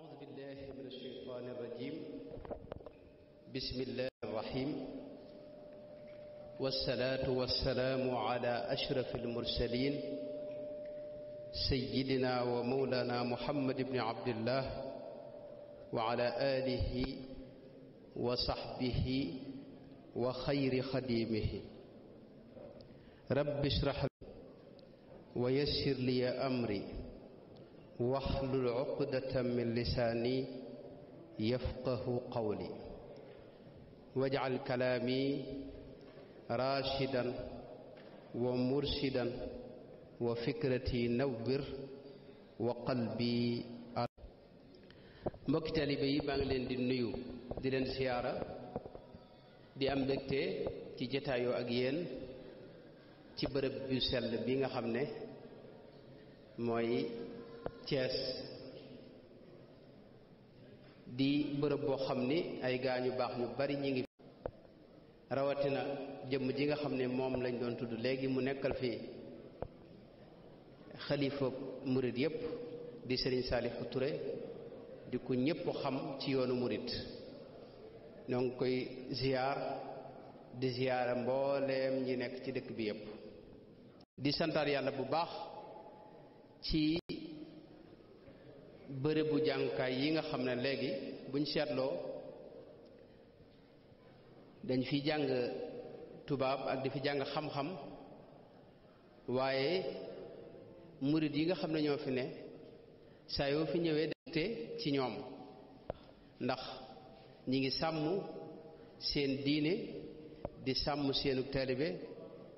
أعوذ بالله من الشيطان الرجيم بسم الله الرحيم والصلاة والسلام على أشرف المرسلين سيدنا ومولانا محمد بن عبد الله وعلى آله وصحبه وخير خديمه رب اشرح لي ويسر لي أمري واحلل العقدة من لساني يفقه قولي واجعل كلامي راشدا ومرشدا وفكرتي نوبر وقلبي مكتلي بي بانلين دي نيو دي لن سيارة دي ام بكتي تي جتا يو اغيين تي برب يو سل بيغا خامني موي Thiès di bërëb boo xam ni ay gaañu baax ñu bari ñi ngi rawatina jëmm ji nga xam ne moom lañ doon tudd léegi mu nekkal fii xalifa murit yépp di sëriñ Saalifu Ture di xam ci yoonu koy di ziyaara mbooleem ñi nekk ci dëkk bi yépp di bu baax ci bërëbu jàngukaay yi nga xam ne léegi buñ seetloo dañu fi jàng tubaab ak di fi jàng xam-xam waaye murit yi nga xam ne ñoo fi ne saa yoo fi ñëwee dante ci ñoom ndax ñi ngi sàmm seen diine di sàmm seenu taalibe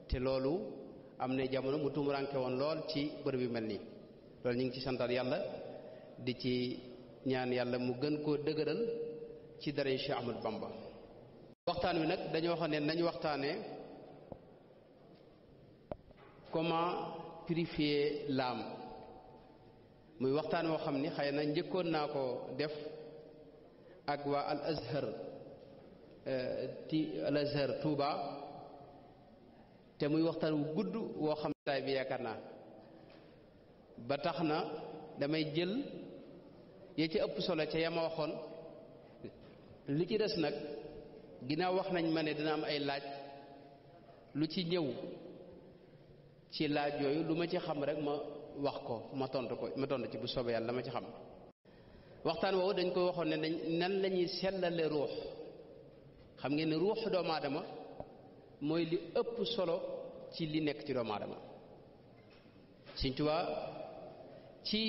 te loolu am ne jamono mu tumuranke woon lool ci bërëb yu mel nii loolu ñu ngi ci santaat yàlla di ci ñaan yàlla mu gën koo dëgëral ci dara Cheikh Ahmad Bamba waxtaan wi nag dañoo xam ne nañ waxtaane comment purifier l'âme muy waxtaan woo xam ni xëy na njëkkoon naa ko def ak waa al azhar euh, ti al azhar Touba te muy waxtaan wu gudd woo xam taay bi yaakaar naa ba tax na damay jël ya ca ëpp solo ca yama waxoon li ci des nag ginnaaw wax nañ ma ne dina am ay laaj lu ci ñëw ci laaj yooyu lu ma ci xam rek ma wax ko ma tontu ko ma tontu ci bu soobee yàlla ma ci xam waxtaan woowu dañ koy waxoon ne dañ nan la ñuy sellale ruux xam ngeen ne ruux doomu aadama mooy li ëpp solo ci li nekk ci doomu aadama Sëñ Tuubaa ci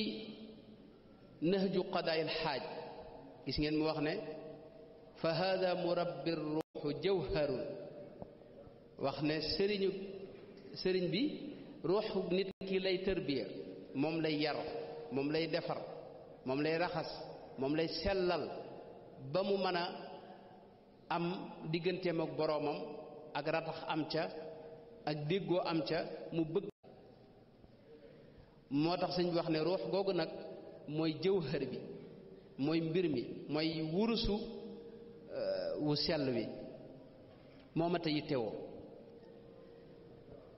نهج قضاء الحاج gis ngeen mu wax ne fa hada murabbi ruuxu jawharun wax ne sëriñu sëriñ bi ruuxu nit ki lay tërbiya moom lay yar moom lay defar moom lay raxas moom lay sellal ba mu mën am digganteem ak boroomam ak ratax am ca ak déggoo am ca mu bëgg moo sëñ wax ne ruux googu nag mooy jëwhër bi mooy mbir mi mooy wurusu euh, wu sell wi moo ma tey yittewoo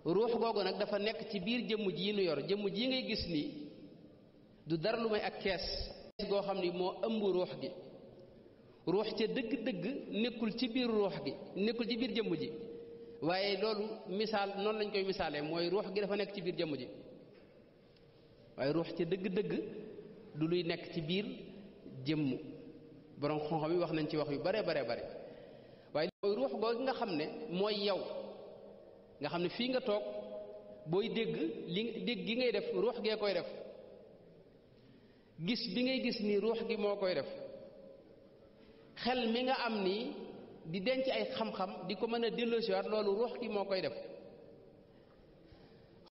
ruux googu nag dafa nekk ci biir jëmm ji nu yor jëmm ji ngay gis nii du dara lu may ak kees goo xam ni moo ëmb ruux gi ruux ca dëgg-dëgg nekkul ci biir ruux gi nekkul ci biir jëmm ji waaye loolu misaal noonu lañ koy misaalee mooy ruux gi dafa nekk ci biir jëmm ji waaye ruux ca dëgg-dëgg du luy nekk ci biir jëmm borom xam-xam yi wax nañ ci wax yu bare bare bare waaye mooy ruux googu nga xam ne mooy yow nga xam ne fii nga toog booy dégg dégg gi ngay def ruux gee koy def gis bi ngay gis ni ruux gi moo koy def xel mi nga am ni di denc ay xam-xam di ko mën a delloosiwaat loolu ruux gi moo koy def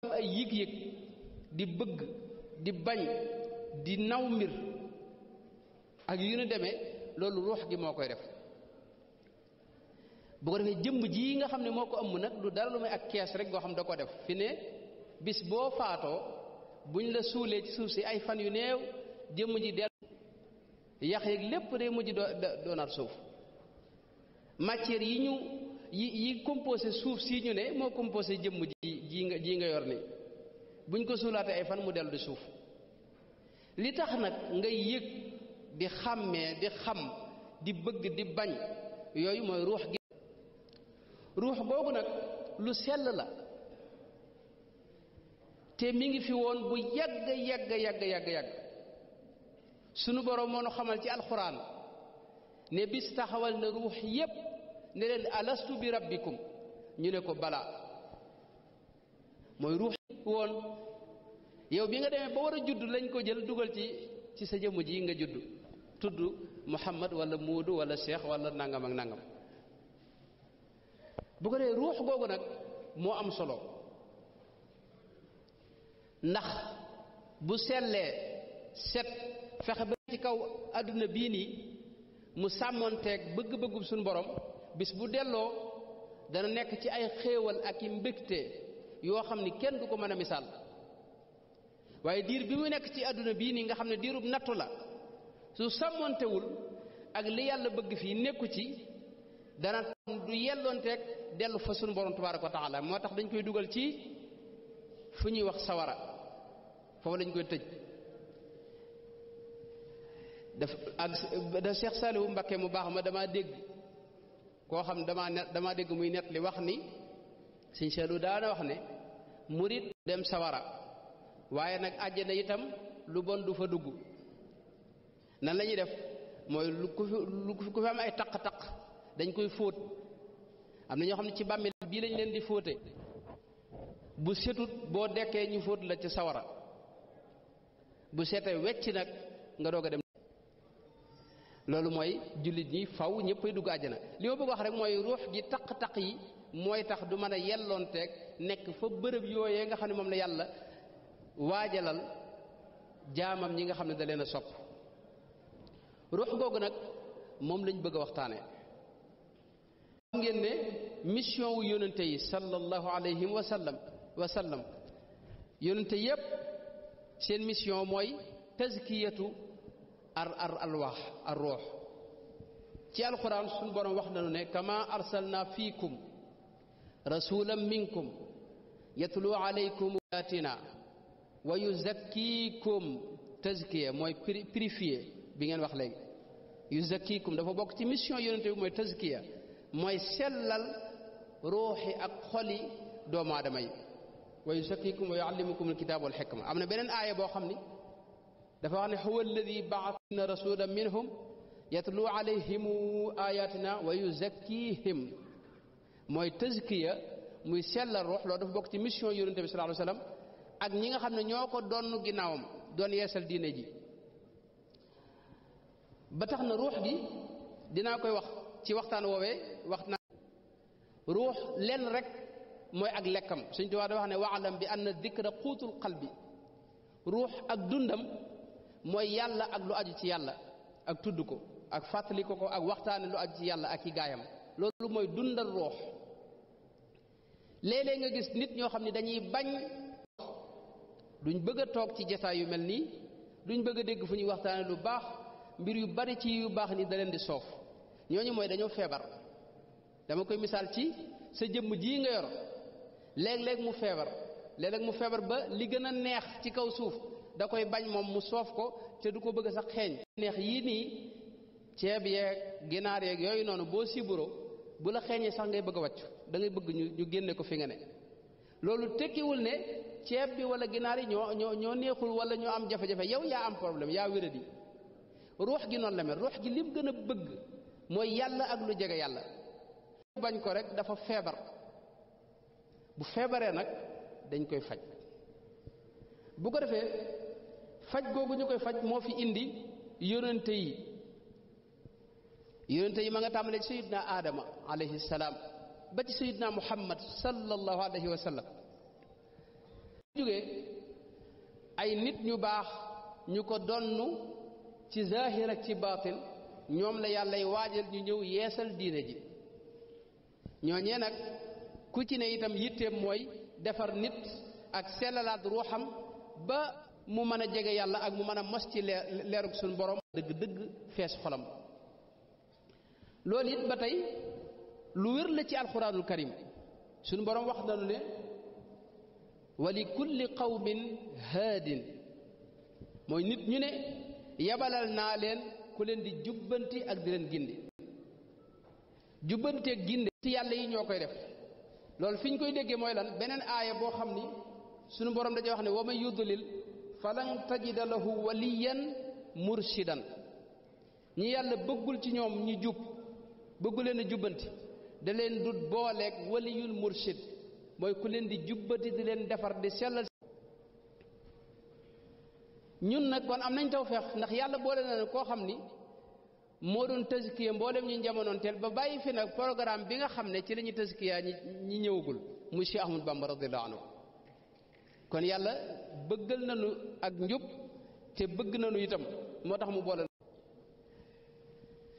xam ay yëg-yëg di bëgg di bañ di naw mbir ak yu nu demee loolu ruux gi moo koy def bu ko defee jëmb ji nga xam ne moo ko ëmb nag du dara lu may ak kees rek goo xam da ko def fi ne bis boo faatoo buñ la suulee ci suuf si ay fan yu neew jëmm ji del yax yeeg lépp day mujj doonaat suuf matière yi ñu yi yi composé suuf si ñu ne moo composé jëmm ji ji nga ji nga yor ni buñ ko suulaatee ay fan mu dellu di suuf li tax nak ngay yek di xamé di xam di bëgg di bañ yoy moy ruh gi ruh boobu nak lu sel la te mi ngi fi won bu yàgg yàgg yàgg yàgg yàgg sunu borom mo nu xamal ci alquran ne bis taxawal na ruh yépp ne len alastu bi rabbikum ñu ne ko bala moy ruh won yow bi nga demee ba war a judd lañ ko jël dugal ci ci sa ji nga judd tudd muhammad wala muudu wala cheikh wala nangam ak nangam bu ko dee ruux googu am solo ndax bu sellee set fexe ba ci kaw àdduna bii nii mu sàmmonteeg bëgg borom bis bu delloo dana nekk ci ay xéewal ak i mbégte yoo xam kenn du ko waaye diir bi mu nekk ci àdduna bii nii nga xam ne diirub nattu la su sàmmoontewul ak li yàlla bëgg fii nekku ci dana du yelloonteeg dellu fa sunu borom tabaaraka wa moo tax dañ koy dugal ci fu ñuy wax sawara foofu lañ koy tëj daf ak da Cheikh Saliou Mbacké mu baax ma damaa dégg koo xam damaa ne damaa dégg muy nett li wax ni Sëñ Saliou daana wax ne murit dem sawara waaye nag àjjana itam lu bon du fa dugg nan la ñuy def mooy lu ku fi ku fi am ay taq-taq dañ koy fóot am na ñoo xam ne ci bàmmeel bii lañ leen di fóote bu setut boo dekkee ñu fóot la ci sawara bu setee wecc nag nga doog a dem loolu mooy jullit ñi faw ñëppay dugg àjjana li ma bëgg wax rek mooy ruux gi taq-taq yi mooy tax du man a yelloonteeg nekk fa bërëb yooyee nga xam ne moom la yàlla waajalal jaamam ñi nga xam ne da leen a sopp ruux googu nag moom lañ bëgg a waxtaane xam ngeen ne mission wu yónente yi sallallahu alayhi wa sallam wa sallam yónente yépp seen mission mooy tazkiyatu ar ar alwaax ar ruux ci alquran sun borom wax na ne kama arsalna fiikum rasulan minkum yatlu alaykum ayatina ويزكيكم تزكية موي بريفية بيغن واخ لي يزكيكم دا فا بوك يونتي موي تزكية موي سلال روحي أقلي خولي دوما ادمي ويزكيكم ويعلمكم الكتاب والحكمة امنا بنن آية بو خامني دا هو الذي بعثنا رسولا منهم يتلو عليهم آياتنا ويزكيهم موي تزكية موي سلال روح لو دا فا بوك يونتي صلى الله عليه وسلم ak ñi nga xam ne ñoo ko doon ginnaawam doon yeesal diine ji ba tax na ruux gi dinaa koy wax ci waxtaan woowee wax naa ruux lenn rek mooy ak lekkam suñ tubaab wax ne waalam bi anna dikra quutul qalbi ruux ak dundam mooy yàlla ak lu aju ci yàlla ak tudd ko ak fàttali ko ak waxtaane lu aju ci yàlla ak i gaayam loolu mooy dundal ruux léeg nga gis nit ñoo xam ne dañuy bañ duñ bëgg a toog ci jataay yu mel nii duñ bëgg a dégg fu ñuy waxtaane lu baax mbir yu bari ci yu baax nii da leen di soof ñooñu mooy dañoo feebar dama koy misaal ci sa jëmm jii nga yor léeg-léeg mu feebar léeg mu feebar ba li gën a neex ci kaw suuf da koy bañ moom mu soof ko te du ko bëgg sax xeeñ neex yii nii ceeb yeeg ginaar yeeg yooyu noonu boo siburo bu la xeeñee sax ngay bëgg a wàccu da bëgg ñu ñu génne ko fi nga loolu tekkiwul ne ceeb bi wala ginaar yi ñoo ñoo ñoo neexul wala ñoo am jafe-jafe yow yaa am problème yaa wéradi ruux gi noonu la mel ruux gi lim gën a bëgg mooy yàlla ak lu jege yàlla bañ ko rek dafa feebar bu feebaree nag dañ koy faj bu ko defee faj googu ñu koy faj moo fi indi yonente yi yonente yi ma nga tàmbalee ci sayidna aadama alayhi salaam ba ci sayidna muhammad sallallahu alayhi wa sallam jógee ay nit ñu baax ñu ko donn ci zaahir ak ci baatil ñoom la yàllay waajal ñu ñëw yeesal diine ji ñooñee nag ku ci ne itam yitteem mooy defar nit ak sellalaat ruuxam ba mu mën a jege yàlla ak mu mën a mos ci leerug suñu borom dëgg dëgg fees xolam loolu it ba tey lu wér la ci alxuraanul karim suñu borom wax nañu ne wali kulli qawmin haadin mooy nit ñu ne yabalal naa leen ku leen di jubbanti ak di leen gindi jubbanti ak gindi ci yàlla yi ñoo koy def loolu fi ñu koy déggee mooy lan beneen aaya boo xam ni sunu borom dañuy wax ne wa man yudlil falan tajida lahu waliyan murshidan ñi yàlla bëggul ci ñoom ñu jub bëggu leen a jubbanti da leen dut booleeg waliyul murshid mooy ku leen di jubbati di leen defar di sellal ñun nag kon am nañ taw feex ndax yàlla boole na ne koo xam ni moo doon tëskiya mboolem ñu jamonoon teel ba bàyyi fi nag programme bi nga xam ne ci la ñuy tëskiya ñi ñëwagul mu si Cheikh Ahmadou Bamba radiyallahu ko kon yàlla bëggal nañu ak njub te bëgg nañu itam moo tax mu boole.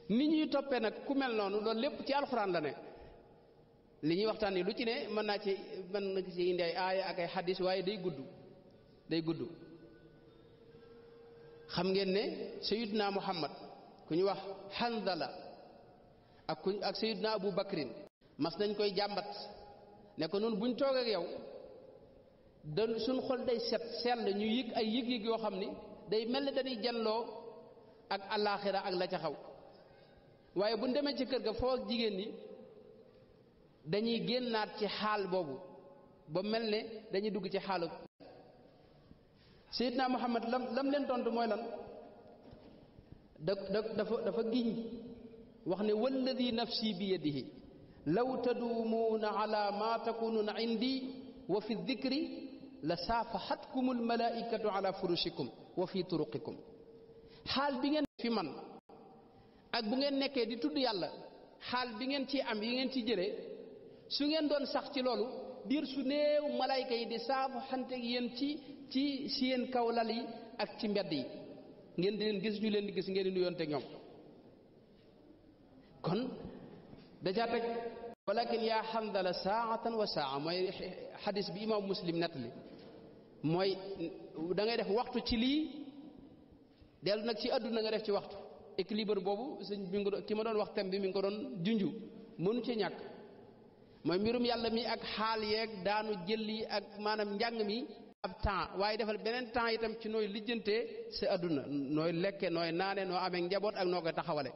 ni ñuy toppee nag ku mel noonu loolu lépp ci alxuraan la ne. li ñuy waxtaan ni lu ci ne mën naa ci mën na ci indi ay ak ay xaddis waaye day gudd day gudd xam ngeen ne sayidna muhammad ku ñu wax xandala ak ku ak sayidna abu bakrin mas nañ koy jàmbat ne ko noonu buñ toog ak yow da suñ xol day set sell ñu yëg ay yëg-yëg yoo xam ni day mel ni dañuy janloo ak alaaxira ak la ca xaw waaye buñ demee ci kër ga foo jigéen ñi dañuy gennat ci xal bobu ba melne dañuy dugg ci xaalu sayidna muhammad lam lam len tontu moy lan da da dafa dafa giñ wax ne walladi nafsi bi yadihi law tadumuuna ala ma takunuuna indi wa fi dhikri la al malaikatu ala furushikum wa fi turuqikum xaal bi ngeen fi man ak bu ngeen nekké di tuddu yàlla xaal bi ngeen ci am yi ngeen ci jëlé su ngeen doon sax ci loolu diir su néew malayka yi di saabu xante yéen ci ci seen kaw lal yi ak ci mbedd yi ngeen di leen gis ñu leen di gis ngeen di nuyonte ñoom kon da ca walakin yaa xandala saatan wa saa mooy xadis bi imam muslim natali mooy da ngay def waxtu ci lii dellu nag ci àdduna nga def ci waxtu bi ki ma doon wax bi mi ngi ko doon junju mënu ci mooy mbirum yàlla mi ak xaal yeeg daanu jëli ak maanaam njàng mi ab temps waaye defal beneen temps itam ci nooy lijjante sa àdduna nooy lekke nooy naane noo amee njaboot ak noo koy taxawale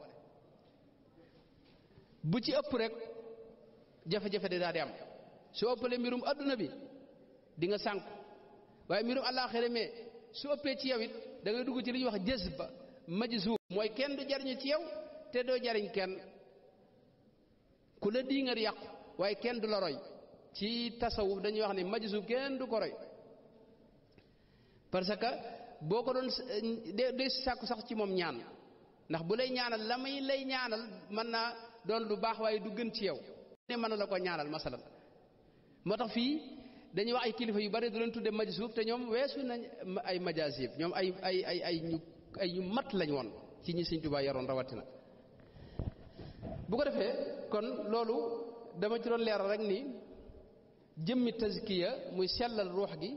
bu ci ëpp rek jafe-jafe de daal di am su ëppalee mbirum àdduna bi di nga sànku waaye mbirum àllaaxira mais su ëppee ci yow it da dugg ci li ñuy wax jës ba majzum mooy kenn du jariñu ci yow te doo jariñ kenn ku la diingar yàqu waaye kenn du la roy ci tasawu dañuy wax ne majisu kenn du ko roy parce que boo ko doon eh, de sàkku sax ci moom ñaan ndax bu lay ñaanal la muy lay ñaanal mën naa doon lu baax waaye du gën ci yow ne mën na la ko ñaanal masalan moo tax fii dañuy wax ay kilifa yu bari du leen tudde majsuub te ñoom weesu nañ ay majaasib ñoom ay ay ay ay ñu ay mat lañ woon ci ñi Sëñ Tuubaa yaroon rawatina bu ko defee kon loolu dama ci doon leeral rek ni jëmmi tazkiya muy sellal ruux gi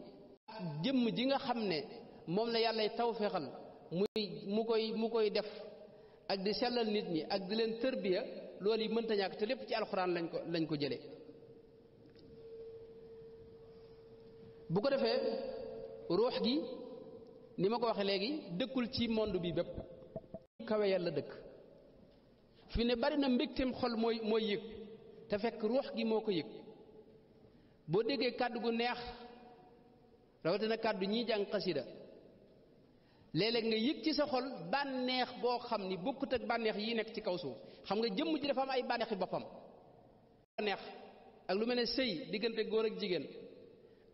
jëmm ji nga xam ne moom la yàllay tawféexal muy mu koy mu koy def ak di sellal nit ñi ak di leen tërbiya loolu yi mënta ñàkk te lépp ci alxuraan lañ ko lañ ko jële bu ko defee ruux gi ni ma ko waxee léegi dëkkul ci monde bi bépp kawe yàlla dëkk fi ne bari na mbégteem xol mooy yëg te fekk ruux gi moo ko yëg boo déggee kàddu gu neex rawatina kàddu ñiy jàng xasida léeg-léeg nga yëg ci sa xol bànneex boo xam ni bokkut ak bànneex yi nekk ci kaw suuf xam nga jëmm ji dafa am ay bànneexi boppam neex ak lu mel ne sëy diggante góor ak jigéen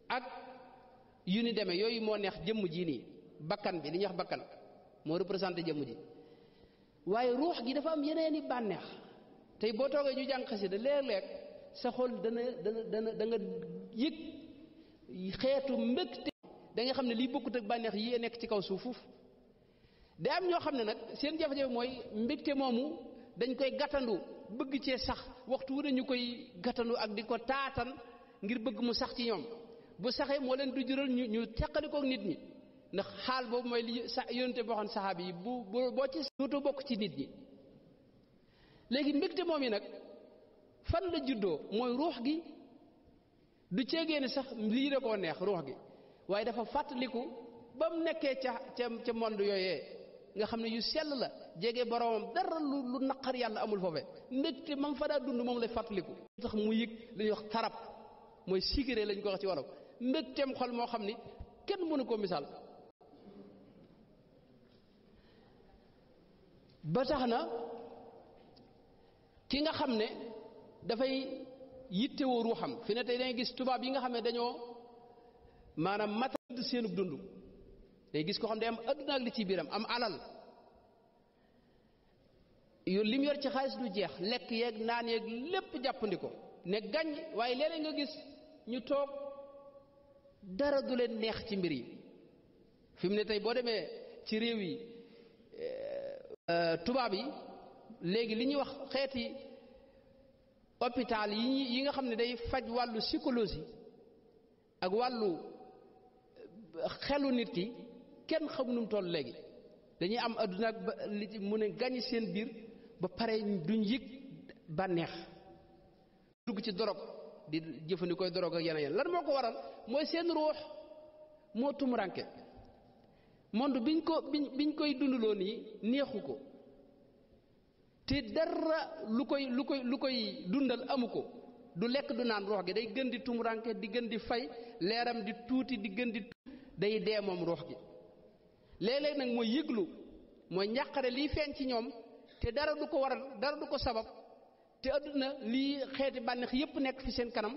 ak yu ni demee yooyu moo neex jëmm ji nii bakkan bi li ñuy wax bakkan moo représenté jëmm ji waaye ruux gi dafa am yeneeni bànneex tey boo toogee ñu jàng xasida léeg-léeg sa xool dana dana dana da yëg xeetu mbégte da nga xam ne liy bokkut ak bànneex yi nekk ci kaw suuf foofu day am ñoo xam ne nag seen jafe-jafe mooy mbégte moomu dañ koy gàttandu bëgg cee sax waxtu wu ne ñu koy gàttandu ak di ko taatan ngir bëgg mu sax ci ñoom bu saxee moo leen du jural ñu ñu teqalikook nit ñi ndax xaal boobu mooy li sax yoonte boo xam saxaaba yi bu boo ci dootu bokk ci nit ñi legi mbégte momi nak fan la juddoo moy ruh gi du ceegee sax li da ko neex ruh gi waye dafa fàttaliku bam nekké ca ca monde yoyé nga xamné yu sel la jege borom dara lu lu nakar yàlla amul fofé mbégte mam fa da dund mom lay fàttaliku tax mu yik li wax tarab moy sigéré lañ ko wax ci wolof mbégteem xol mo xamni kenn mënu ko misal ba tax na ki nga xam ne dafay yittewoo ruuxam fi ne tey dangay gis tubaab yi nga xam ne dañoo maanaam matad seenug dund day gis ko xam day am adduna ak li ci biiram am alal yu lim yor ci xaalis du jeex lekk yeeg naan yeeg lépp jàppandi ko ne gañ waaye léeg nga gis ñu toog dara du leen neex ci mbir yi fi mu ne tey boo demee ci réew yi eh, tubaab yi léegi li ñuy wax xeeti hôpital yi yi nga xam ne day faj wàllu psychologie ak wàllu euh, xelu nit ki kenn xam nu léegi dañuy am adduna ak li ci mu ne gañi seen biir ba pare duñ yëg bànneex dugg ci dorog di jëfandikoo dorog ak yeneen yeneen lan moo ko waral mooy seen ruux moo tumuranke monde biñ ko biñ biñ koy dundaloo nii neexu ko te dara lu koy lu koy lu koy dundal amu ko du lekk du naan ruux gi day gën di tumuranke di gën di fay leeram di tuuti di gën di day dee moom ruux gi léeg-léeg nag moo yëglu mooy njàqare liy feeñ ci ñoom te dara ko waral dara du ko sabab te adduna lii xeeti bànneex yépp nekk fi seen kanam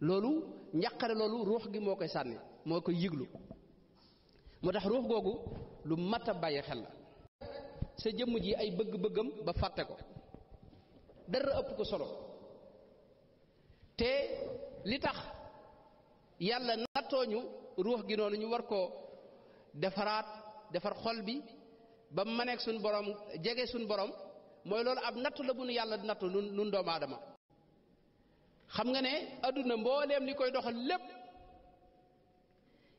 loolu njàqare loolu ruux gi moo koy sànni moo koy yëglu moo tax ruux googu lu mat a bàyyi xel la sa jëmm ji ay bëgg-bëggam ba fàtte ko dara ëpp ko solo te li tax yàlla nattooñu ruux gi noonu ñu war koo defaraat defar xol bi ba mu maneeg suñ borom jege suñ borom mooy loolu ab nattu la bu yàlla nattu nun nun doomu aadama xam nga ne adduna mbooleem li koy doxal lépp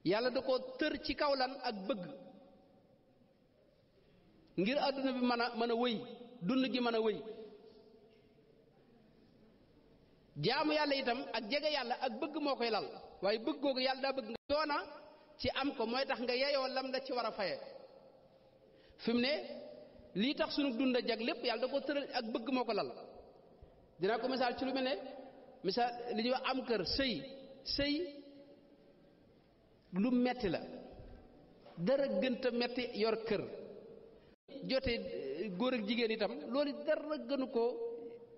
yàlla da koo tër ci kaw lan ak bëgg ngir àdduna bi mën a mën a wëy dund ji mën a wëy jaamu yàlla yitam ak jege yàlla ak bëgg moo koy lal waaye bëgg kooku yàlla daa bëgg nga yoona ci am ko mooy tax nga yeyoo lam la ci war a faye fi mu ne lii tax sunu dund jag lépp yàlla da ko tëral ak bëgg moo ko lal dinaa ko misaal ci lu mel ne misaal am kër sëy sëy lu metti la dara gënta metti yor kër jote eh, góor ak jigéen itam loolu dara gënu ko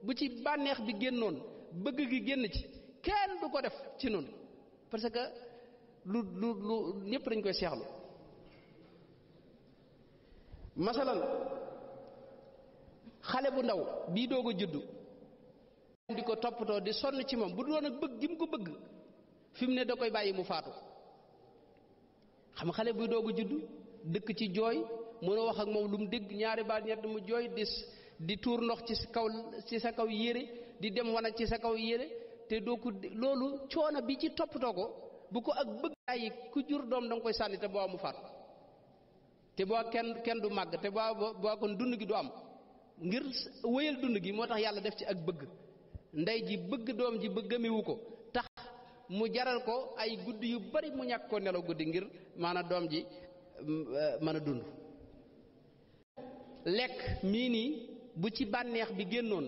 bu ci bànneex bi génnoon bëgg gi génn ci kenn du ko def ci noonu parce que lu lu lu ñépp dañ koy seexlu masalan xale bu ndaw bii doog a juddu di ko toppatoo di sonn ci moom bu doon ak bëgg gi mu ko bëgg fi mu ne da koy bàyyi mu faatu xam xale buy doog juddu dëkk ci jooy mën a wax ak moom lu mu dégg ñaari baat ñett mu jooy di di tuur ndox ci kaw sa kaw yére di dem wana ci sa kaw yére te doo ko loolu coono bi ci toppatoo ko bu ko ak bëgg ay ku jur doom da koy sànni te boo mu faat te boo kenn kenn du màgg te boo boo kon dund gi du am ngir wéyal dund gi moo tax yàlla def ci ak bëgg ndey ji bëgg doom ji bëggamewu ko tax mu jaral ko ay guddi yu bari mu ñàkk ko nelaw guddi ngir maanaam doom ji mën a dund lekk mii nii bu ci bànneex bi génnoon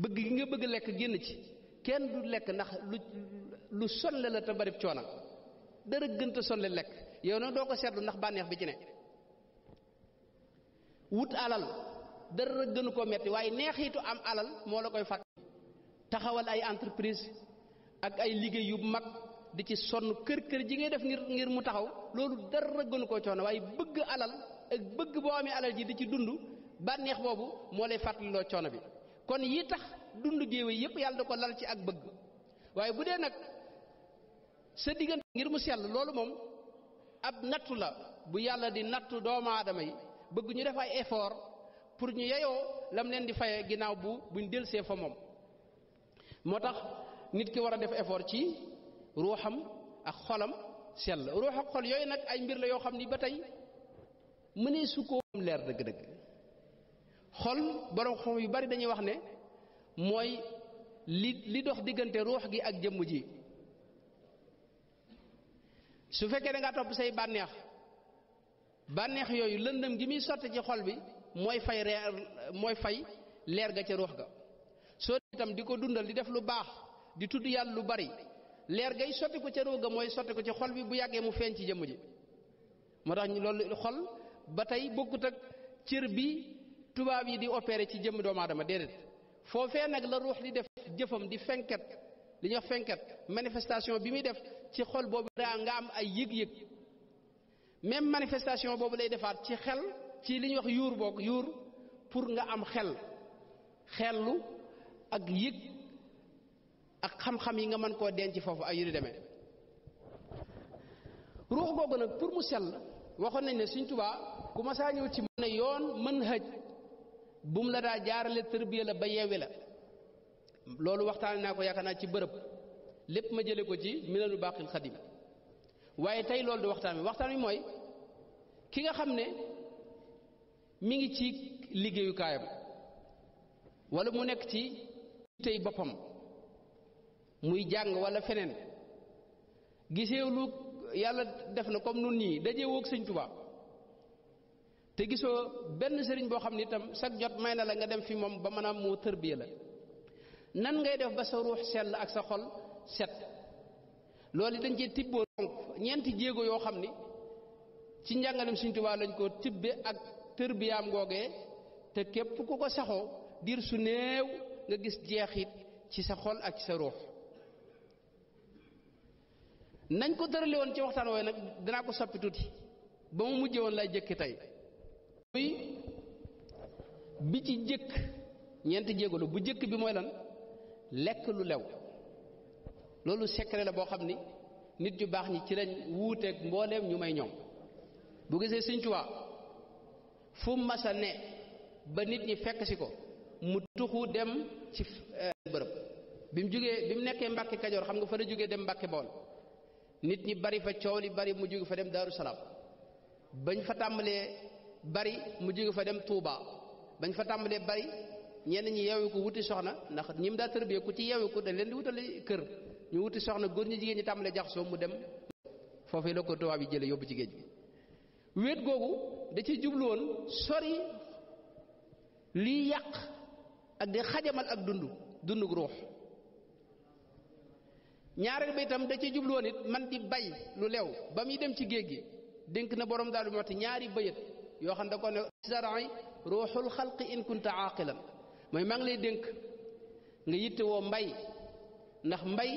bëgg gi nga bëgg lekk génn ci kenn du lekk ndax lu lu sonle la te barib coona dara gënta sonle lekk yow nag doo ko seetlu ndax bànneex bi ci ne wut alal dara gënu koo metti waaye neexitu am alal moo la koy fàtt taxawal ay entreprise ak ay liggéey yu mag di ci sonn kër kër ji ngay def ngir ngir mu taxaw loolu dara gënu koo coono waaye bëgg alal ak bëgg boo amee alal ji di ci dund bànneex boobu moo lay fàttaliloo coono bi kon yi tax dund géewe yépp yàlla da ko lal ci ak bëgg waaye bu dee nag sa diggante ngir mu sell loolu moom ab nattu la bu yàlla di nattu doomu aadama yi bëgg ñu def ay effort pour ñu yeyoo lam leen di faye ginnaaw bu buñ delsee fa moom moo tax nit ki war a def effort ci ruuxam ak xolam sell ruux ak xol yooyu nag ay mbir la yoo xam ni ba tey mënee ne ko leer dëgg-dëgg xol borom xam yu bari dañuy wax ne mooy li li dox diggante ruux gi ak jëmm ji su fekkee da ngaa topp say bànneex bànneex yooyu lëndëm gi muy sotti ci xol bi mooy fay fay leer ga ca ruux ga soo itam di ko dundal di def lu baax di tudd yàlla lu bari leer gay sotti ko ca ruux ga mooy sotti ko ci xol bi bu yàggee mu feeñ ci jëmm ji moo tax ñu loolu xol ba tey bokkut ak cër bi tubaab yi di opéré ci jëmm doomu aadama déedéet foofee nag la ruux di def jëfam di fenket li ñuy wax fenket manifestation bi muy def ci xol boobu daa nga am ay yëg-yëg même manifestation boobu lay defaat ci xel ci li ñuy wax yuur boog yuur pour nga am xel xellu ak yëg ak xam-xam yi nga mën koo denc foofu ay yu di demee ruux googu nag pour mu sell waxoon nañ ne Sëriñ Tuubaa ku ma saa ñëw ci mën a yoon mën hëj bum la daa jaarale tërbiya la ba yeewi la loolu waxtaane naa ko yaakaar naa ci bërëb lépp ma jële ko ci minanu baaxil xadim waaye tey loolu di waxtaan wi waxtaan wi mooy ki nga xam ne mi ngi ci liggéeyukaayam wala mu nekk ci tey boppam muy jàng wala feneen giseewlu yàlla def na comme nun ñii dajeewoog sëñ Tuubaa te gisoo benn sëriñ boo xam ne itam sag jot may na la nga dem fi moom ba mën a moo tërbiya la nan ngay def ba sa ruux sell ak sa xol set loolu dañ cee tibboo donc ñeenti jéego yoo xam ni ci njàngalem Sëriñ Tuubaa lañ ko tibbe ak tërbiyaam googee te képp ku ko saxoo diir su néew nga gis jeexit ci sa xol ak ci sa ruux nañ ko tërale woon ci waxtaan wooye nag dinaa ko soppi tuuti ba mu mujjee woon lay jëkk tey bi ci jëkk ñeenti jéego bu jëkk bi mooy lan lekk lu lew loolu secret la boo xam ni nit ñu baax ñi ci lañ wuuteeg mbooleem ñu may ñoom bu gisee Sëñ Tuubaa fu masa ne ba nit ñi fekk si ko mu tuxu dem ci eh, bërëb bi mu jógee bi mu nekkee Mbàkke Kajoor xam nga fa la jógee dem Mbàkke Bawol nit ñi bari fa coow li bari mu jóge fa dem Daaru Salaam bañ fa tàmbalee bari mu jóge fa dem Touba bañ fa tàmbalee bari ñeen ñi yeewu ko wuti soxna ndax ñi mu daa tërbie ku ci yeewu ko dañ leen di wutale kër ñu wuti soxna góor ñi jigéen ñi tàmbalee jaxasoo mu dem foofee la ko tubaab yi jële yóbbu ci géej gi wéet googu da ci jublu woon sori liy yàq ak di xajamal ak dund dund ruux ñaareel ba itam da ci jublu woon it man di bay lu leew ba muy dem ci géej gi dénk na borom daal di ñaari bëyët yo xam da ko ne saraay ruhul khalq in kunta aqilan moy mang lay dénk nga yitte wo mbay ndax mbay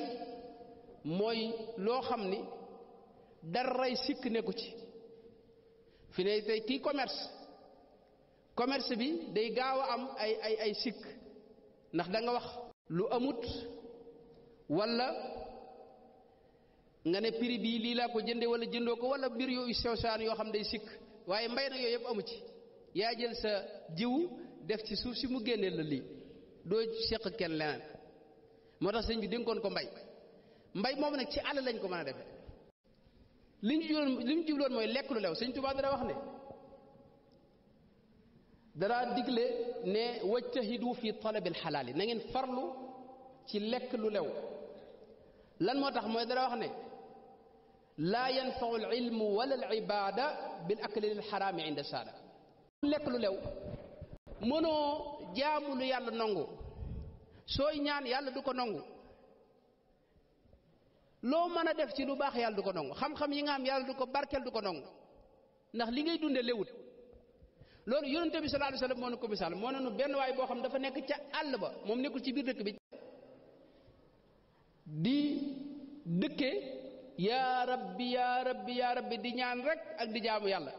mooy loo xam ni daray sikk nekku ci fi ne tay ki commerce commerce bi day gaaw am ay ay ay sik ndax da nga wax lu amut wala nga ne prix bi li la ko jënde wala jëndoo ko wala mbir yooyu sewsaan yo xam day sik waye mbay nak yoyep amu ci ya jël sa jiwu def ci suuf ci mu génneel la li do seq kenn leneen moo tax sëñ bi dénkoon ko mbay mbay mom nak ci ala lañ ko mëna def liñ li ñu jubloon li ñu jubloon lekk lu lew sëñ tuba dara wax ne dara digle ne wajtahidu fi talab al-halal na ngeen farlu ci lekk lu lew lan motax moy dara wax ne laa yanfau al ilmu wala al ibada bil akli lil xaraami lekk lu lew mënoo jaamu yàlla nangu sooy ñaan yàlla du ko nangu loo mën a def ci lu baax yàlla du ko nongu xam-xam yi nga am yàlla du ko barkeel du ko nangu ndax li ngay dunde lewut loolu yonente bi sallallahu alayhi wasallam nu benn waay boo xam dafa nekk ca àll ba moom nekkul ci biir dëkk bi di dëkke yaa rabbi yaa rabbi di ñaan rek ak di jaamu yàlla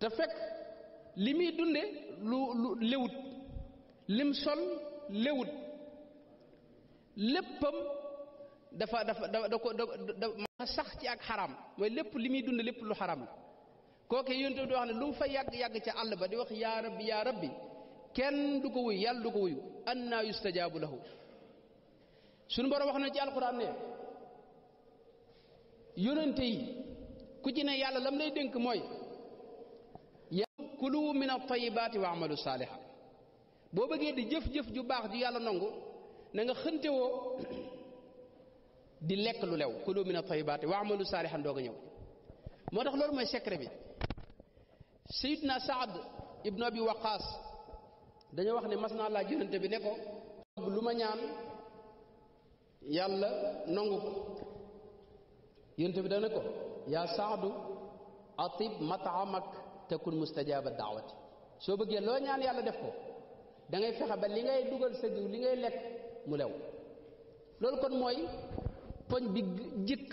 te fekk li muy dunde lu lu léwut lim sol léwut léppam dafa dafa da ko da sax ci ak xaram mooy lépp li muy dund lépp lu xaram la kooke yonent di lu mu fa yàgg-yàgg ca àll ba di wax yaa rabbi yaa rabbi kenn du ko wuyu yàlla du ko wuyu annaa yustajaabu lahu suñu borom wax na ci alquran ne yonente yi ku ci ne yàlla lam lay dénk mooy yow kulu min at-tayyibaati wa amalu saaliha boo bëggee di jëf-jëf ju baax ju yàlla nangu na nga xënte woo di lekk lu lew kulu min at-tayyibaati wa amalu saaliha doog a ñëw moo tax loolu mooy secret bi na saad ibnu abi waqaas dañoo wax ne mas naa laaj yonente bi ne ko lu ma ñaan yàlla nangu ko yonent bi dana ko yaa saadu atib mataamak takun mustajaaba daawati soo bëggee loo ñaan yàlla def ko da ngay fexe ba li ngay dugal sa diw li ngay lekk mu lew loolu kon mooy poñ bi jëkk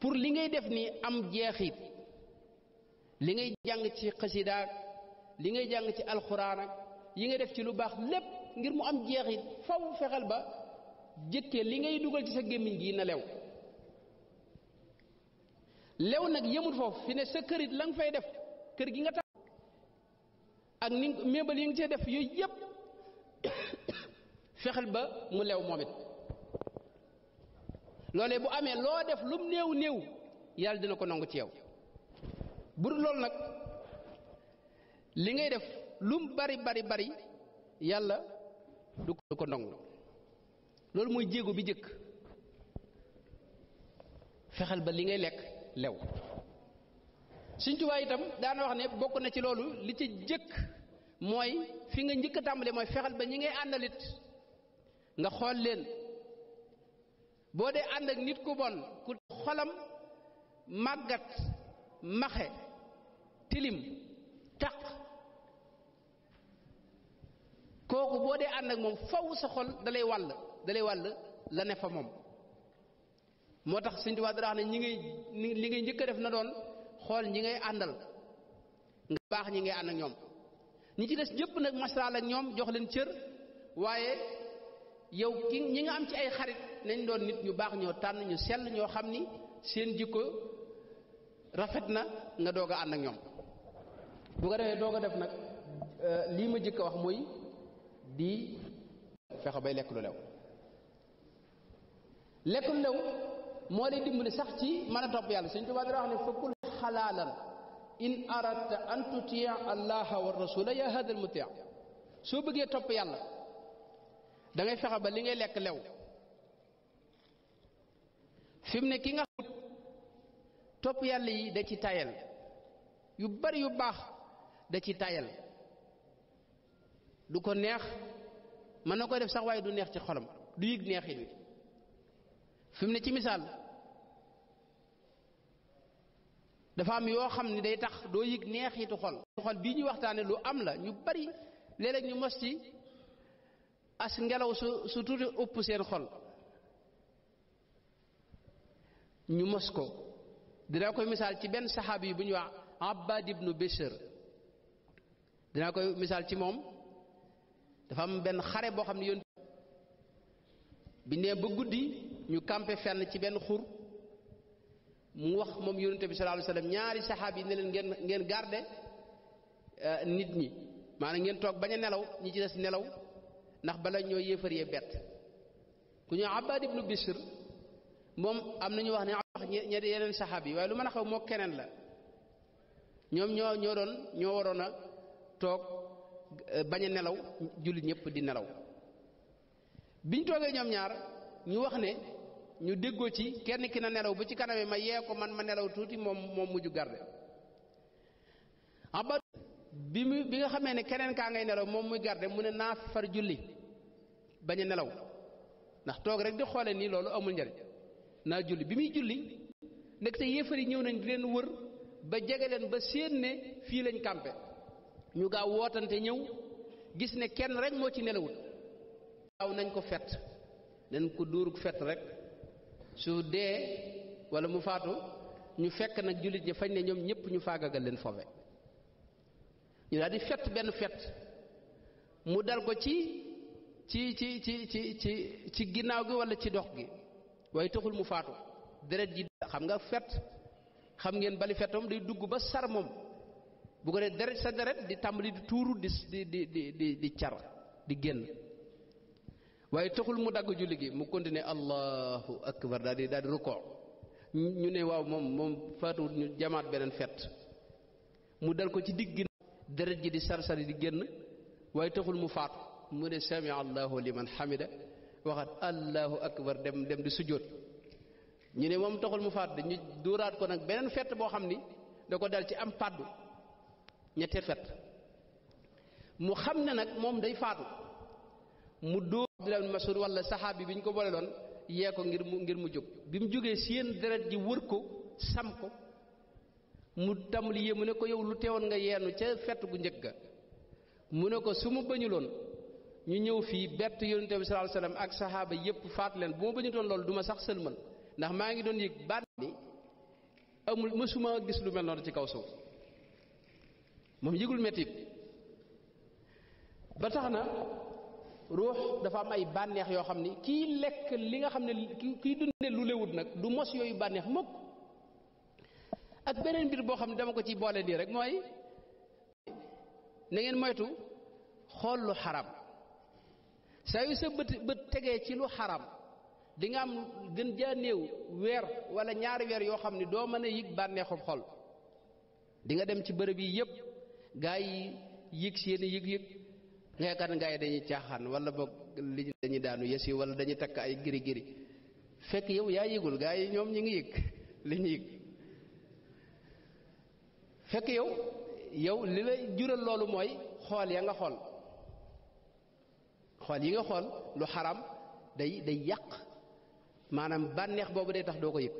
pour li ngay def nii am jeexit li ngay jàng ci xasidaak li ngay jàng ci alxuraan ak yi ngay def ci lu baax lépp ngir mu am jeexit faw fexel ba jëkkee li ngay dugal ci sa gémmiñ gi na lew lew nag yemul foofu fi ne sa kërit it fay def kër gi nga tax ak ni mébal yi nga cee def yooyu yëpp fexel ba mu lew moom it loolee bu amee loo def lum néew néew yàlla dina ko nangu ci yow bu dul loolu nag li ngay def lum bari bari bari yàlla du ko nangu loolu mooy jéego bi jëkk fexel ba li ngay lekk lew suñ tubaa itam daan wax ne bokk na ci loolu li ci jëkk mooy fi nga njëkk a tàmbale mooy fexal ba ñi ngay àndalit nga xool leen boo dee ànd ak nit ku bon ku xolam màggat maxe tilim taq kooku boo dee ànd ak moom faw sa xol dalay wàll dalay wàll la ne fa moom moo tax suñ tubaab dara wax ne ñi ngay li ngay njëkk def na doon xool ñi ngay àndal nga baax ñi ngay ànd ñoom ñi ci des jëpp nag masraal ak ñoom jox leen cër waaye yow ki ñi nga am ci ay xarit nañ doon nit ñu baax ñoo tànn ñu sell ñoo xam ni seen jikko rafet na nga doog a ànd ak ñoom bu ko defee doog a def nag euh, lii ma jëkk a wax mooy di fexe bay lekk lu lew lekk lu lew moo lay dimbali sax ci mën a topp yàlla sëñ tubaab dina wax ne fëkkul xalaalan in aradta an tutia allaha wa rasula ya hada al mutia soo bëggee topp yàlla da ngay fexe ba li ngay lekk lew fi mu ne ki nga xamut topp yàlla yi da ci tayal yu bari yu baax da ci tayal du ko neex mën na ko def sax waaye du neex ci xolam du yëg neexin wi fi mu ne ci misaal dafa am yoo xam ne day tax doo yëg neexitu xol xol bii ñu waxtaane lu am la ñu bari léeg-léeg ñu mos ci as ngelaw su su tuuti upp seen xol ñu mos ko dinaa koy misaal ci benn saxaabi bu ñu wax abbad ibnu bishr dinaa koy misaal ci moom dafa am benn xare boo xam ne yoon bi nee ba guddi ñu campé fenn ci benn xur mu wax moom yonente bi sallallahu alayhi wasallam ñaari sahaba yi ne leen ngeen ngeen garder euh, nit ñi maanaam ngeen toog bañ a nelaw ñi ci des nelaw ndax bala ñoo yéefar yee bett ku ñu abbad ibnu bisr moom am nañu wax ne wax ñe yeneen sahaba yi waaye lu mën a xaw moo keneen la ñoom ñoo ñoo doon ñoo waroon a toog euh, bañ a nelaw ñëpp di nelaw biñ toogee ñoom ñaar ñu wax ne ñu déggoo ci kenn ki na nelaw bu ci kaname ma yee ko man ma nelaw tuuti moom moom mujj garde abad bi mu bi nga xamee ne keneen kaa ngay nelaw moom muy garde mu ne naa far julli bañ a nelaw ndax toog rek di xoole nii loolu amul njariñ naa julli bi muy julli nag te yéefar yi ñëw nañ di leen wër ba jege leen ba séen ne fii lañ campé ñu gaaw wootante ñëw gis ne kenn rek moo ci nelawut gaaw nañ ko fett nañ ko duurug fett rek su dee wala mu faatu ñu fekk nag jullit ñi fañ ne ñoom ñëpp ñu faaga faagagal leen foofe ñu daal di benn fet mu dal ko ci ci ci ci ci ci ci ginnaaw gi walla ci dox gi waaye taxul mu faatu deret ji xam nga fet xam ngeen bali fettoom day dugg ba sar moom bu ko dee deret sa deret di tàmbali di tuuru di di di di di car di génn waye taxul mu dag julli gi mu kontiné allahu akbar daal di daal di ñu ne waaw mom mom faatuwut ñu jamaat benen fet mu dal ko ci digg deret ji di sarsari di génn waye taxul mu faatu mu ne sami allahu liman xamida waxat allahu akbar dem dem di sujud ñu ne mom taxul mu faat ñu duuraat ko nak benen fet bo xamni da ko dal ci am pàddu ñetteel fet mu xamne nak mom day faatu mu dóor abdullah ibn masud wala saxaabi biñ ko boole doon yee ko ngir mu ngir mu jóg bi mu jógee seen deret ji wër ko sam ko mu tamul yéemu ne ko yow lu teewoon nga yeenu ca fett gu njëkk ga mu ne ko su ma bañuloon ñu ñëw fii bett yonente bi sallallahu alayhi ak sahaba yépp faat leen bu ma bañutoon loolu duma sax sëlmal ndax maa ngi doon yëg baat bi amul mësuma gis lu mel noonu ci kaw suuf moom yëgul metit ba tax na ruux dafa am ay bànneex yoo xam ni kii lekk li nga xam ne kii dunde lu lewut nag du mos yooyu bànneex mukk ak beneen mbir boo xam ne dama ko ci boole nii rek mooy na ngeen moytu xool lu xaram saa yu sa bët bët tegee ci lu xaram dinga am gën jaa weer wala ñaari weer yoo xam ne doo mën a yëg bànneexum xol di nga dem ci bërëb yi yëpp gaa yi yëg seen yëg-yëg nga yaakaar gaa yi dañuy caaxaan wala boog li dañuy daanu yes yi wala dañuy takk ay giri giri fekk yow yaa yëgul gaa yi ñoom ñi ngi yëg li ñu yëg fekk yow yow li la jural loolu mooy xool ya nga xool xool yi nga xool lu xaram day day yàq maanaam bànneex boobu day tax doo ko yëg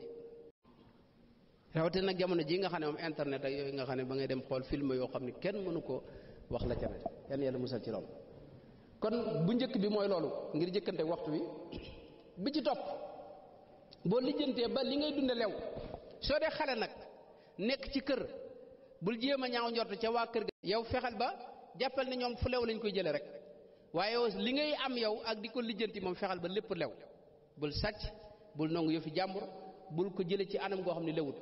rawatina nag jamono ji nga xam ne moom internet ak yooyu nga xam ne ba ngay dem xool film yoo xam ne kenn mënu ko wax la ca ne yan yàlla musal ci loolu kon bu njëkk bi mooy loolu ngir jëkkante waxtu wi bi ci topp boo lijjantee ba li ngay dunde lew soo dee xale nag nekk ci kër bul jéem a ñaaw njort ca waa kër ga yow fexel ba jàppal na ñoom fu lew lañ koy jële rek waaye li ngay am yow ak di ko lijjanti moom fexel ba lépp lew bul sàcc bul nangu yëfi jàmbur bul ko jële ci anam goo xam ne lewut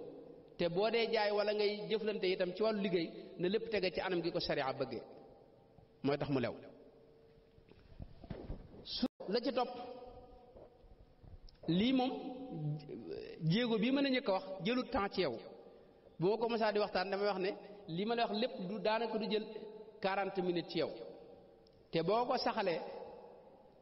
te boo dee jaay wala ngay jëflante itam ci wàllu liggéey na lépp tege ci anam gi ko sariya bëggee mooy tax mu lew la ci topp lii moom jéego bii mën a ñëkk wax jëlul temps ci yow bu ma ko mësaa di waxtaan damay wax ne lii ma lay wax lépp du daanaka du jël 40 minutes ci yow te boo ko saxalee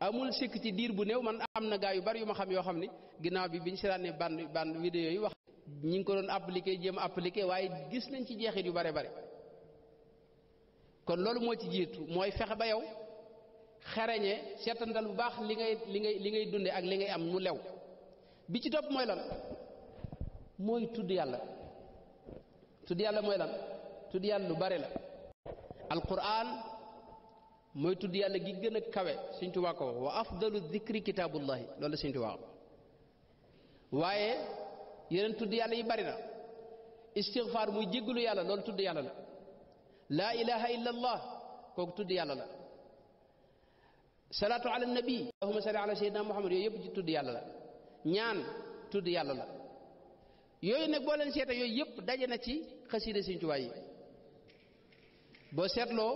amul sikk ci diir bu néew man am na gaa yu bari yu ma xam yoo xam ni ginnaaw bi biñ seetaan ne band band vidéo yi wax ñi ngi ko doon appliqué jéem appliqué waaye gis nañ ci jeexit yu bare bare kon loolu moo ci jiitu mooy fexe ba yow xarañe seetantal bu baax li ngay li ngay li ngay dunde ak li ngay am mu lew bi ci topp mooy lan mooy tudd yàlla tudd yàlla mooy lan tudd yàlla lu bare la alquran mooy tudd yàlla gi gën a kawe Sëñ Tuubaa ko wa afdalu dikri kitaabullahi loolu Sëñ Tuubaa waaye yeneen tudd yàlla yi bari na istigfaar muy jéggalu yàlla loolu tudd yàlla la laa ilaha illa allah kooku tudd yàlla la salaatu ala nabi allahuma salli ala sayyidina muhammad yooyu yëpp ci tudd yàlla la ñaan tudd yàlla la yooyu nag boo leen seeta yooyu yëpp daje na ci xasida Sëñ Tuubaa yi boo seetloo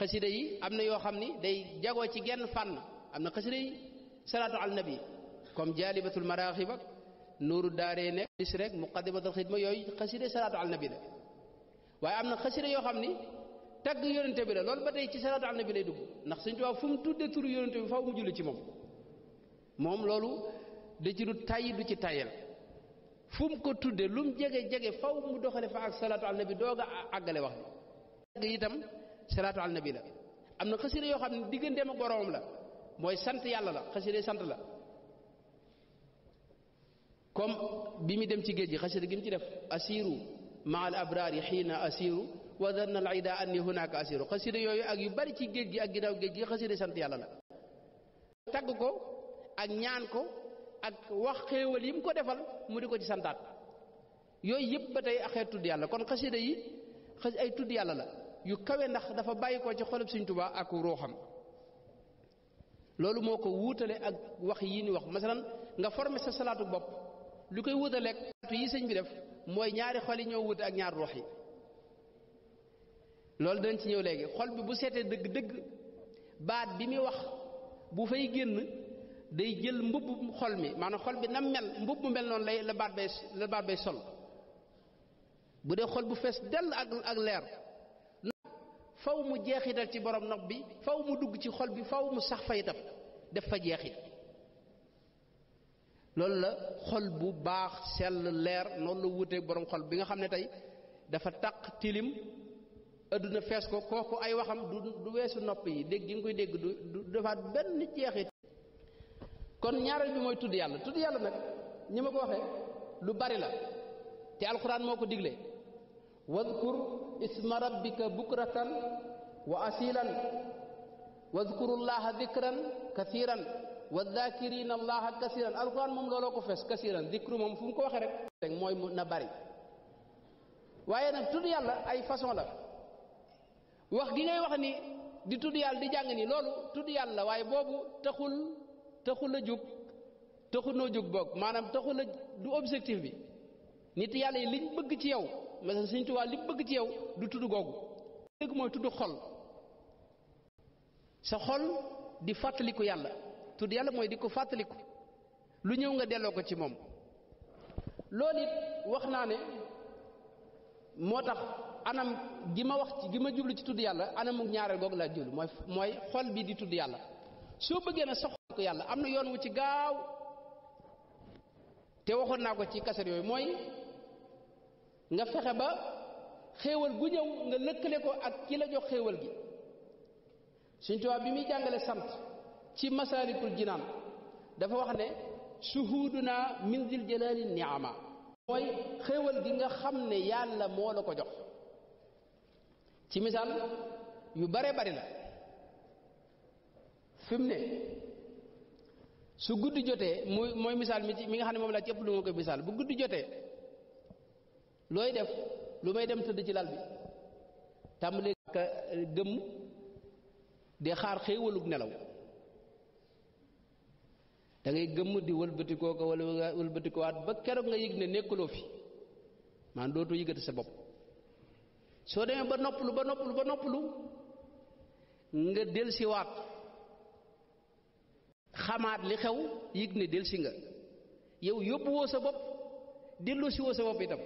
xasida yi am na yoo xam ni day jagoo ci genn fànn am na xasida yi salaatu ala nabi comme jaalibatul maraaxib ak nuuru daaree nekk bis rek muqaddimatul xidma yooyu xasida salaatu al nabi la waaye am na xasida yoo xam ni tagg yonente bi la loolu ba tey ci salaatu al nabi lay dugg ndax Sëñ Tuubaa fu mu tuddee turu yonente bi faw mu julli ci moom moom loolu da ci du tàyyi du ci tàyyal fu mu ko tuddee lu mu jege jege faw mu doxale fa ak salaatu al nabi doog a àggale wax bi tagg itam salaatu al nabi la am na xasida yoo xam ne digganteem ak boroom la mooy sant yàlla la xasida sant la كم bi mi dem ci géej gi xasida gi mu ci def asiru ma al abrari xiina asiru wa danna al ida anni hunaka asiru xasida yooyu ak yu bari ci géej gi ak ginnaaw géej gi xasida sant yàlla la tagg ko ak ñaan ko ak wax xéewal yi mu ko defal mu di ko ci santaat yooyu yëpp ba tey axeet yàlla kon xasida yi xas ay tudd yàlla la yu kawe ndax dafa bàyyi ci xolub Sëriñ Tuubaa ak ruuxam loolu moo ko ak wax yi ni wax masalan nga former sa salaatu bopp li koy wutaleeg tu yi sëñ bi def mooy ñaari xol yi ñoo wute ak ñaar ruux yi loolu dañ ci ñëw léegi xol bi bu seetee dëgg-dëgg baat bi muy wax bu fay génn day jël mbubb xol mi maanaam xol bi nam mel mbubb mu mel noonu lay la baat bay la baat sol bu dee xol bu fees dell ak ak leer faw mu jeexital ci borom nopp bi faw mu dugg ci xol bi faw mu sax fa itam def fa jeexit loolu la xol bu baax sell leer noonu la wuuteeg borom xol bi nga xam ne tey dafa taq tilim adduna fees ko kooku ay waxam du du weesu nopp yi dégg gi nga koy dégg du du defaat benn jeexit kon ñaareel bi mooy tudd yàlla tudd yàlla nag ñi ma ko waxee lu bari la te alquran moo ko digle wadkur isma rabbika bukratan wa asilan wadkurullaha dikran kathiran wa dhakirina allaha kasiran alquran moom looloo ko fees kasiran dikru moom fu mu ko waxee rek rek mooy na bari waaye nag tudd yàlla ay façon la wax gi ngay wax ni di tudd yàlla di jàng ni loolu tudd yàlla waaye boobu taxul taxul a jug taxul noo jug boog maanaam taxul na du objectif bi nit yàlla yi liñ bëgg ci yow mais Sëñ Tuubaa li bëgg ci yow du tudd googu dëgg mooy tudd xol sa xol di fàttaliku yàlla tudd yàlla mooy di ko fàttaliku lu ñëw nga delloo ko ci moom loolu it wax naa ne moo tax anam gi ma wax ci gi ma jublu ci tudd yàlla anamu ñaareel googu laa jublu mooy mooy xol bi di tudd yàlla soo bëggee na soxla ko yàlla am na yoon wu ci gaaw te waxoon naa ko ci kaset yooyu mooy nga fexe ba xéewal gu ñëw nga lëkkale ko ak ki la jox xéewal gi suñ Tuubaa bi muy jàngale sant ci masaalikul jinaan dafa wax ne shuhuduna min dil jalaali niama mooy xéewal gi nga xam ne yàlla moo la ko jox ci misaal yu bare bari la fi ne su gudd jotee muy mooy misaal mi mi nga xam ne moom laa ci lu ma koy misaal bu guddi jotee looy def lu may dem tëdd ci lal bi tàmbalee ka euh, gëmm di xaar xéewalu nelaw dangay ngay gëmm di wëlbati ko wala wëlbati ko waat ba keroog nga yëg ne nekkuloo fi maanaam dootoo yëgati sa bopp soo demee ba nopp lu ba noppalu ba noppalu nga delsiwaat xamaat li xew yëg ne delsi nga yow yóbbu sa bopp dellu si sa bopp itam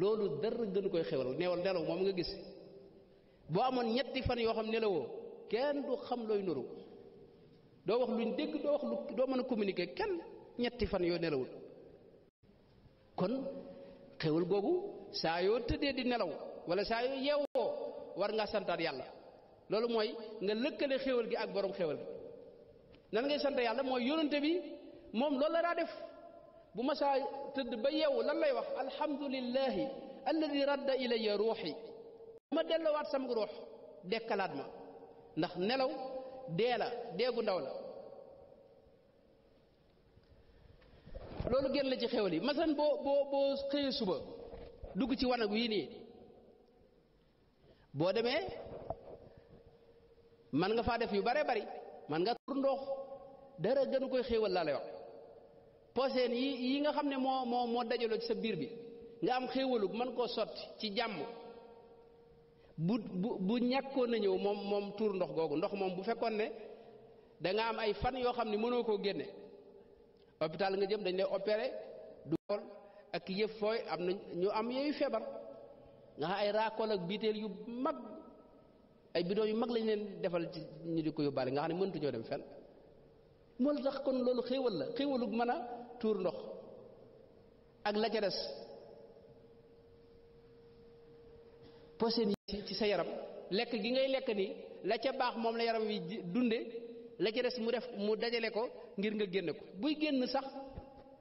loolu dara gënu koy xewal neewal nelaw moom nga gis boo amoon ñetti fan yoo xam nelawoo kenn du xam looy nuru doo wax luñ dégg doo doo mën a communiquer kenn ñetti fan yoo nelawul kon xéwal googu saa yoo tëddee di nelaw wala saa yoo yeewoo war ngaa santaat yàlla loolu mooy nga lëkkale xéwal gi ak borom xéwal gi nan ngay sant yàlla mooy yonente bi moom loolu la daa def bu ma saa tëdd ba yeewu lan lay wax alhamdulillahi alladi radda ilayya ruuxi ma delloowaat sama ruux dekkalaat ma ndax nelaw dee la dee gu ndaw la loolu gën la ci xewal yi masalan boo boo boo xëyee suba dugg ci wanag wii nii boo demee man nga faa def yu bare bari man nga tur ndox dara gënu koy xéewal laa lay wax pooseen yi yi nga xam ne moo moo moo dajaloo sa biir bi nga am xéewalug man koo sot ci jàmm bu bu bu mom na ñëw moom moom tuur ndox googu ndox moom bu fekkoon ne da nga am ay fan yoo xam ne mënoo koo génne hôpital nga jëm dañ lay opéré du xool ak yëf fooy am na ñu am yooyu feebar nga ay raakool ak biiteel yu mag ay bidon yu mag lañ leen defal ci ñu di ko yóbbaale nga xam ne mëntu dem fenn moo tax kon loolu xéewal la xéewalug mën a tuur ndox ak la ca des ci sa yaram lekk gi ngay lekk nii la ca baax moom la yaram wi dunde la ca des mu def mu dajale ko ngir nga génne ko buy génn sax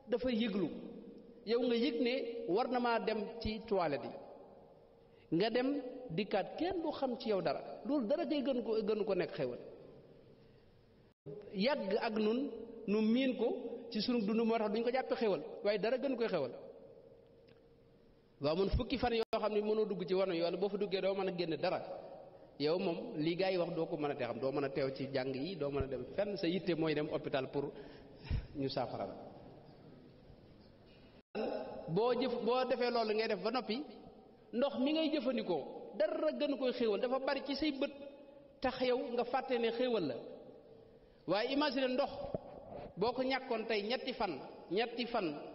dafa yëglu yow nga yëg ne war na maa dem ci toilette yi nga dem dikkaat kenn du xam ci yow dara loolu dara day gën ko gënu ko nekk xewal yàgg ak nun nu miin ko ci sunu dund moo tax duñ ko jàppe xewal waaye dara gën koy xewal nga amoon fukki fan yoo xam ne mënoo dugg ci wanu yoon boo fa duggee doo mën a génn dara yow moom li gars yi wax doo ko mën a te xam doo mën a teew ci jàng yi doo mën a dem fenn sa yitte mooy dem hôpital pour ñu saafara boo jëf boo defee loolu ngay def ba noppi ndox mi ngay jëfandikoo dara gën koy xéewal dafa bari ci say bët tax yow nga fàtte ne xéewal la waaye imagine ndox boo ko ñàkkoon ñetti fan ñetti fan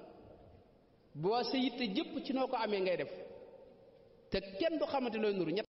boo sa yitte jëpp ci noo ko amee ngay def te kenn du xamante looy nuru